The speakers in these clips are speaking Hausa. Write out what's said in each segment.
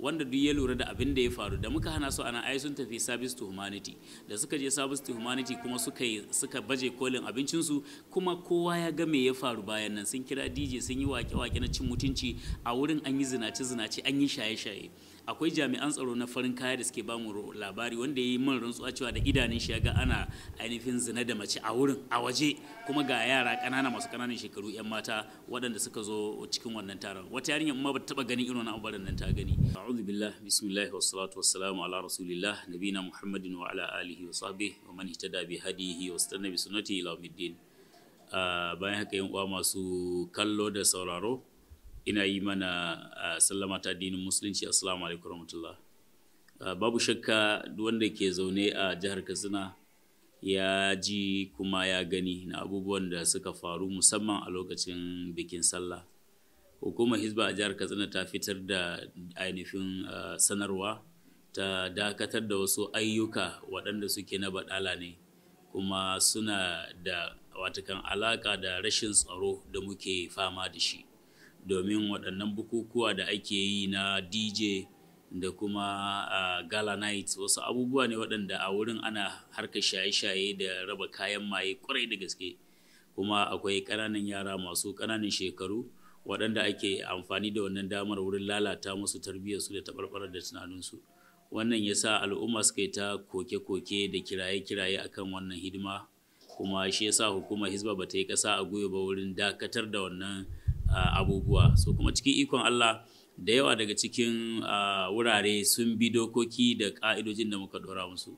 wanda duk ya lura da abin da ya faru da muka hana su ana ai sun tafi service to humanity da suka je service to humanity kuma suka suka baje kolin abincinsu kuma kowa ya ga me ya faru bayan nan sun kira DJ sun yi wake-wake na cin mutunci a wurin an yi zinace-zinace an yi shaye-shaye akwai jami'an tsaro na farin kaya da suke bamu labari wanda ya yi min rantsuwa cewa da idanun shi ga ana ainihin zina da mace a wurin a waje kuma ga yara kanana masu ƙananan shekaru 'yan mata waɗanda suka zo cikin wannan taron wata yarinya ma ba taɓa ganin irin wannan abubuwan nan ta gani أعوذ بالله بسم الله والصلاة والسلام على رسول الله نبينا محمد وعلى آله وصحبه ومن اهتدى بهديه واستنى بسنته إلى يوم الدين bayan haka yan uwa masu kallo da sauraro ina yi mana ah, sallama ta addinin musulunci assalamu alaikum rahmatullah ah, babu shakka wanda ke zaune a jihar katsina ya ji kuma ya gani na abubuwan da suka faru musamman a lokacin bikin sallah hukumar hizba a jihar katsina ta fitar da ainihin uh, sanarwa ta dakatar da wasu ayyuka waɗanda suke na baɗala ne kuma suna da watakan alaƙa da rashin tsaro da muke fama da shi domin waɗannan bukukuwa da ake yi na dj da kuma uh, gala night wasu abubuwa ne waɗanda a wurin ana harka shaye-shaye da raba kayan maye kwarai da gaske kuma akwai ƙananan yara masu ƙananan shekaru waɗanda ake amfani da wannan damar wurin lalata musu tarbiyyar su da taɓarɓarar da tunaninsu wannan ya sa al'umma suka yi ta koke-koke da kiraye-kiraye akan wannan hidima kuma shi ya sa hukumar hizba ba ta yi ƙasa a gwiwa ba wurin dakatar da wannan abubuwa so kuma cikin ikon allah da yawa daga cikin wurare sun bi dokoki da ƙa'idojin da muka ɗora musu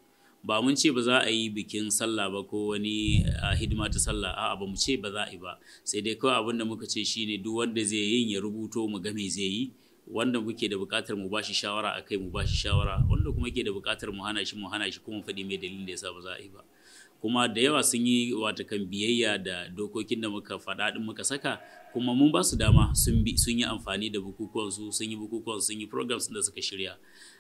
ba mun ce ba za a yi bikin sallah ba ko wani a hidima ta sallah a'a ba mu ce ba za a yi ba sai dai kawai abin da muka ce shi ne duk wanda zai yin ya rubuto mu ga me zai yi wanda muke da buƙatar mu bashi shawara kai mu bashi shawara wanda kuma ke da buƙatar mu hana shi mu hana shi kuma faɗi mai dalilin da yasa ba za a yi ba kuma da yawa sun yi watakan biyayya da dokokin da muka faɗa ɗin muka saka kuma mun ba su dama sun yi amfani da bukukuwan su sun yi bukukuwan sun yi programs da suka shirya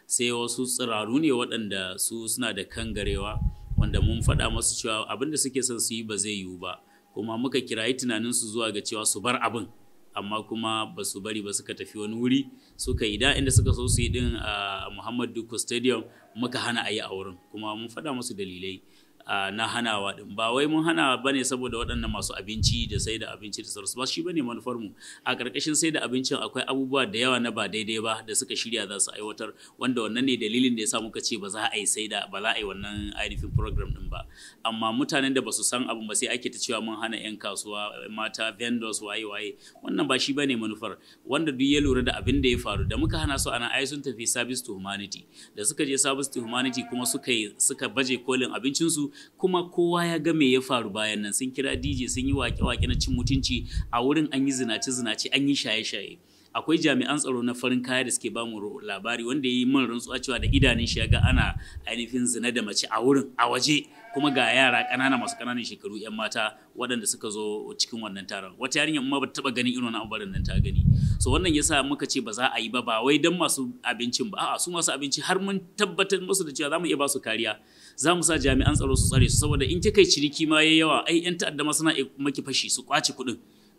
sai wasu tsiraru ne waɗanda su suna da kangarewa wanda mun faɗa masu cewa abin da suke son su yi ba zai yiwu ba kuma muka kirayi tunanin su zuwa ga cewa su bar abin amma kuma ba su bari ba suka tafi wani wuri suka yi da inda suka so su yi din a Muhammad Stadium muka hana a yi a wurin kuma mun faɗa musu dalilai na hanawa din ba wai mun hana bane saboda waɗannan masu abinci da sai da abinci da sauransu ba shi bane manufar mu a ƙarƙashin sai da abincin akwai abubuwa da yawa na ba daidai ba da suka shirya za su aiwatar wanda wannan ne dalilin da ya sa muka ce ba za a yi sai da ba za a yi wannan ainihin program din ba amma mutanen da ba su san abu ba sai ake ta cewa mun hana 'yan kasuwa mata vendors waye waye wannan ba shi bane manufar wanda duk ya lura da abin da ya faru da muka hana su ana ai sun tafi service to humanity da suka je service to humanity kuma suka suka baje kolin abincinsu kuma kowa ya ga me ya faru bayan nan sun kira DJ sun yi wake-wake na cin mutunci a wurin an yi zinace-zinace an yi shaye-shaye akwai jami'an tsaro na farin kaya da suke bamu labari wanda ya yi min rantsuwa cewa da idanun shi ga ana ainihin zina da mace a wurin a waje kuma ga yara ƙanana masu ƙananan shekaru 'yan mata waɗanda suka zo cikin wannan taron wata yarinya ma ba ta taɓa ganin irin wannan nan ta gani so wannan yasa muka ce ba za a yi ba ba wai dan masu abincin ba a'a su masu abinci har mun tabbatar musu da cewa za mu iya ba su kariya za mu sa jami'an tsaro su tsare su saboda in kika ciriki ma yayi yawa ai yan ta'adda ma suna maki fashi su kwace kuɗin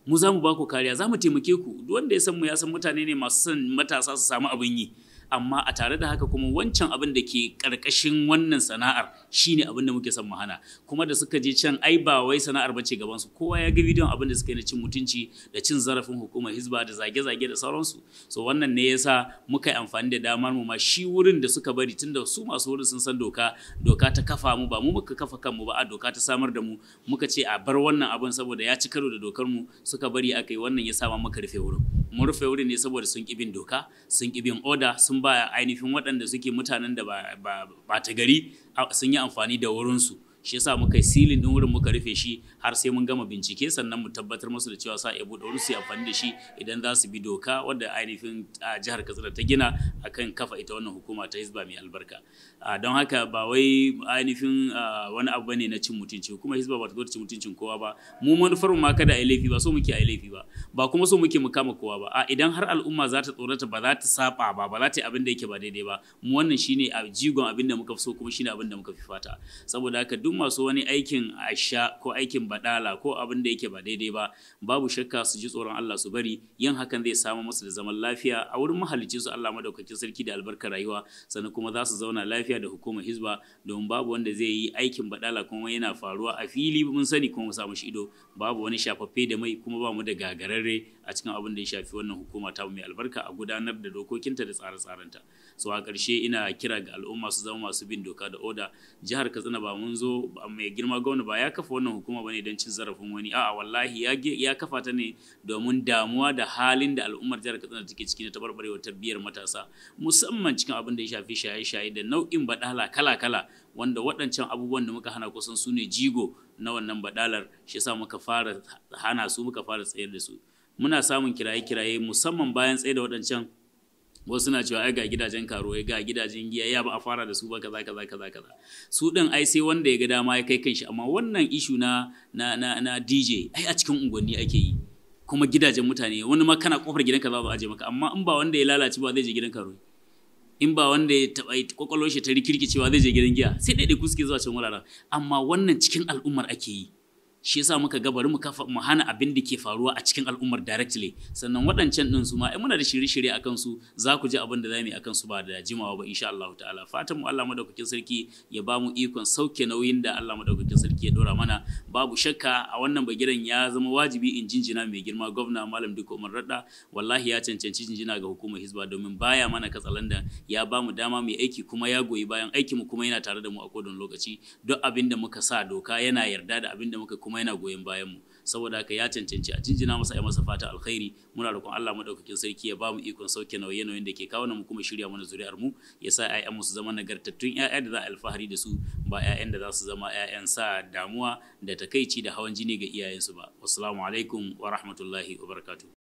mu za mu ba ku kariya za mu taimake ku duk wanda ya san mu ya san mutane ne masu son matasa su samu abin yi amma a tare da haka kuma wancan abin da ke karkashin wannan sana'ar shine abin da muke son mu hana kuma da suka je can ai ba wai sana'ar bace gaban su kowa ya ga bidiyon abin da suka yi na cin mutunci da cin zarafin hukumar hizba da zage-zage da sauransu so wannan ne yasa muka yi amfani da damar mu ma shi wurin da suka bari tunda su masu wurin sun san doka doka ta kafa mu ba mu muka kafa kanmu ba a doka ta samar da mu muka ce a bar wannan abin saboda ya ci karo da dokar mu suka bari aka yi wannan ya sama muka rufe wurin mun rufe wurin ne saboda sun ƙi bin doka sun oda sun ba ainihin waɗanda suke mutanen da ba ta gari sun yi amfani da wurinsu shi yasa muka yi silin din wurin muka rufe shi har sai mun gama bincike sannan mu tabbatar musu da cewa sa ya bude wurin su amfani da shi idan za su bi doka wadda ainihin jihar Katsina ta gina akan kafa ita wannan hukuma ta Hizba mai albarka don haka ba wai ainihin wani abu bane na cin mutunci kuma Hizba ba ta ta cin mutuncin kowa ba mu manufar mu ma kada a yi laifi ba so muke a yi laifi ba ba kuma so muke mu kama kowa ba a idan har al'umma za ta tsorata ba za ta saba ba ba za ta yi abin da yake ba daidai ba mu wannan shine a jigon abin da muka fi so kuma shine abin da muka fi fata saboda haka duk masu wani aikin asha ko aikin badala ko abin da yake ba daidai ba babu shakka su ji tsoron Allah su bari yin hakan zai samu musu da zaman lafiya a wurin mahalicci su Allah madaukakin sarki da albarka rayuwa sannan kuma za su zauna lafiya da hukumar hizba domin babu wanda zai yi aikin badala kuma yana faruwa a fili mun sani kuma samu shi ido babu wani shafaffe da mai kuma ba mu da gagararre a cikin abin da ya shafi wannan hukuma ta mai albarka a gudanar da dokokinta da tsare-tsarenta so a ƙarshe ina kira ga al'umma su zama masu bin doka da oda jihar Katsina ba mun zo mai girma gwamna ba ya kafa wannan hukuma bane don cin zarafin wani a'a wallahi ya kafa ta ne domin damuwa da halin da al'ummar jihar Katsina take ciki na tabarbarewa biyar matasa musamman cikin abin da ya shafi shaye-shaye da nau'in badala kala-kala wanda waɗancan abubuwan da muka hana kusan su ne jigo na wannan badalar shi yasa muka fara hana su muka fara tsayar da su muna samun kiraye-kiraye musamman bayan tsaye da waɗancan wasu na cewa ai ga gidajen karo ga gidajen giya ya ba a fara da su ba kaza kaza kaza kaza su din ai sai wanda ya ga dama ya kai kanshi amma wannan ishu na na na, DJ ai a cikin unguwanni ake yi kuma gidajen mutane wani ma kana kofar gidan ka za a aje maka amma in ba wanda ya lalace ba zai je gidan karo in ba wanda ya taba kwakwalwar shi ta rikirkicewa zai je gidan giya sai dai da kuske zuwa cikin wuraren amma wannan cikin al'ummar ake yi shi yasa muka ga bari mu kafa mu hana abin da ke faruwa a cikin al'ummar directly sannan waɗancan ɗin su ma ai muna da shirye-shirye akan su za ku ji abin da za mu yi akan su ba da jimawa ba insha Allah ta'ala fatan mu Allah madaukakin sarki ya ba mu ikon sauke nauyin da Allah madaukakin sarki ya dora mana babu shakka a wannan bagiren ya zama wajibi in jinjina mai girma gwamna malam duk Umar Radda wallahi ya cancanci jinjina ga hukumar Hizba domin baya mana katsalanda ya ba mu dama mu aiki kuma ya goyi bayan aikin mu kuma yana tare da mu a kodon lokaci duk abin da muka sa doka yana yarda da abin da muka kuma yana goyon bayan mu saboda haka ya cancanci a jinjina masa ya masa fata alkhairi muna roƙon Allah madaukakin sarki ya ba mu ikon sauke nauye nauyen da ke kawo mu kuma shirya mana zuri'ar mu ya sa ƴaƴan mu su zama nagartattun ƴaƴan da za a alfahari da su ba ƴaƴan da za su zama ƴaƴan sa damuwa da takaici da hawan jini ga iyayensu ba wassalamu alaikum wa rahmatullahi wa barakatuh